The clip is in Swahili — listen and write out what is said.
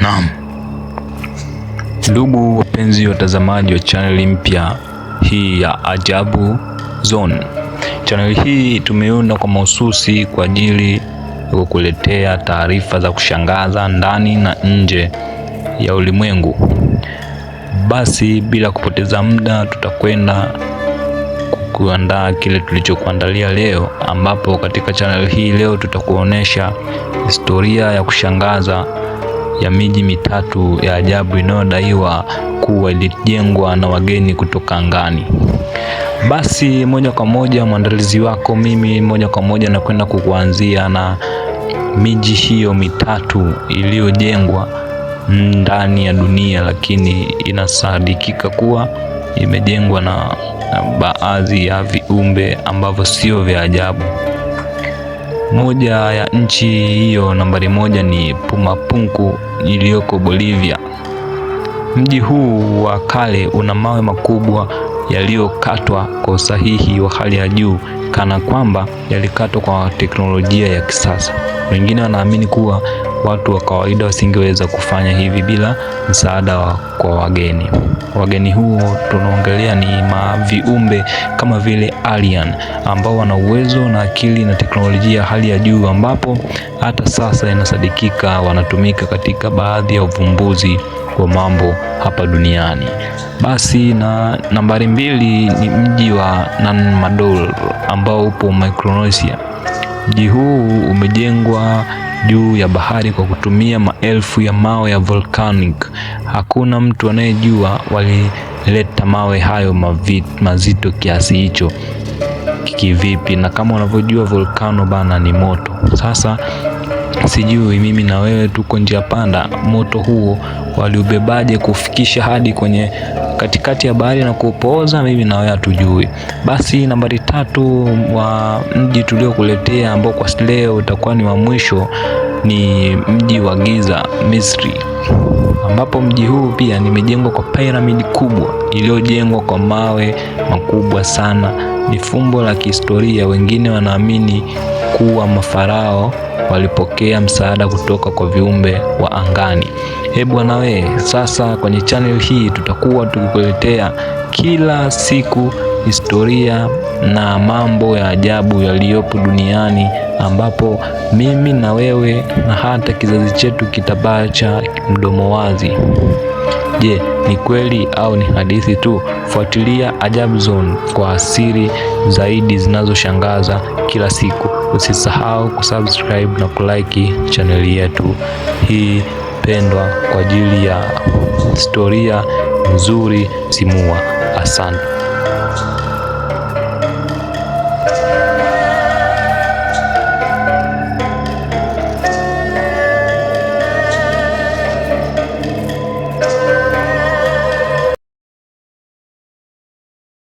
Naam, ndugu wapenzi watazamaji wa chaneli mpya hii ya Ajabu Zone. Chaneli hii tumeunda kwa mahususi kwa ajili ya kukuletea taarifa za kushangaza ndani na nje ya ulimwengu. Basi bila kupoteza muda, tutakwenda kuandaa kile tulichokuandalia leo, ambapo katika chaneli hii leo tutakuonesha historia ya kushangaza ya miji mitatu ya ajabu inayodaiwa kuwa ilijengwa na wageni kutoka angani. Basi moja kwa moja mwandalizi wako mimi, moja kwa moja nakwenda kukuanzia na miji hiyo mitatu iliyojengwa ndani ya dunia, lakini inasadikika kuwa imejengwa na, na baadhi ya viumbe ambavyo sio vya ajabu. Moja ya nchi hiyo nambari moja ni Pumapunku iliyoko Bolivia. Mji huu wa kale una mawe makubwa yaliyokatwa kwa usahihi wa hali ya juu kana kwamba yalikatwa kwa teknolojia ya kisasa. Wengine wanaamini kuwa watu wa kawaida wasingeweza kufanya hivi bila msaada kwa wageni. Wageni huo tunaongelea ni maviumbe kama vile alien ambao wana uwezo na akili na teknolojia hali ya juu, ambapo hata sasa inasadikika wanatumika katika baadhi ya uvumbuzi wa mambo hapa duniani. Basi na nambari mbili ni mji wa Nan Madol ambao upo Micronesia. Mji huu umejengwa juu ya bahari kwa kutumia maelfu ya mawe ya volcanic. Hakuna mtu anayejua walileta mawe hayo mavit, mazito kiasi hicho kivipi, na kama unavyojua volcano bana ni moto. Sasa Sijui mimi na wewe tuko njia panda. Moto huo waliubebaje kufikisha hadi kwenye katikati ya bahari na kupooza, mimi na wewe hatujui. Basi nambari tatu wa mji tuliokuletea ambao kwa leo utakuwa ni wa mwisho ni mji wa Giza, Misri, ambapo mji huu pia nimejengwa kwa piramidi kubwa iliyojengwa kwa mawe makubwa sana. Ni fumbo la kihistoria, wengine wanaamini kuwa mafarao walipokea msaada kutoka kwa viumbe wa angani. E bwana we, sasa kwenye channel hii tutakuwa tukikuletea kila siku historia na mambo ya ajabu yaliyopo duniani ambapo mimi na wewe na hata kizazi chetu kitabacha mdomo wazi. Je, ni kweli au ni hadithi tu? Fuatilia Ajabu Zone kwa siri zaidi zinazoshangaza kila siku. Usisahau kusubscribe na kulike chaneli yetu hii pendwa kwa ajili ya historia nzuri simua. Asante.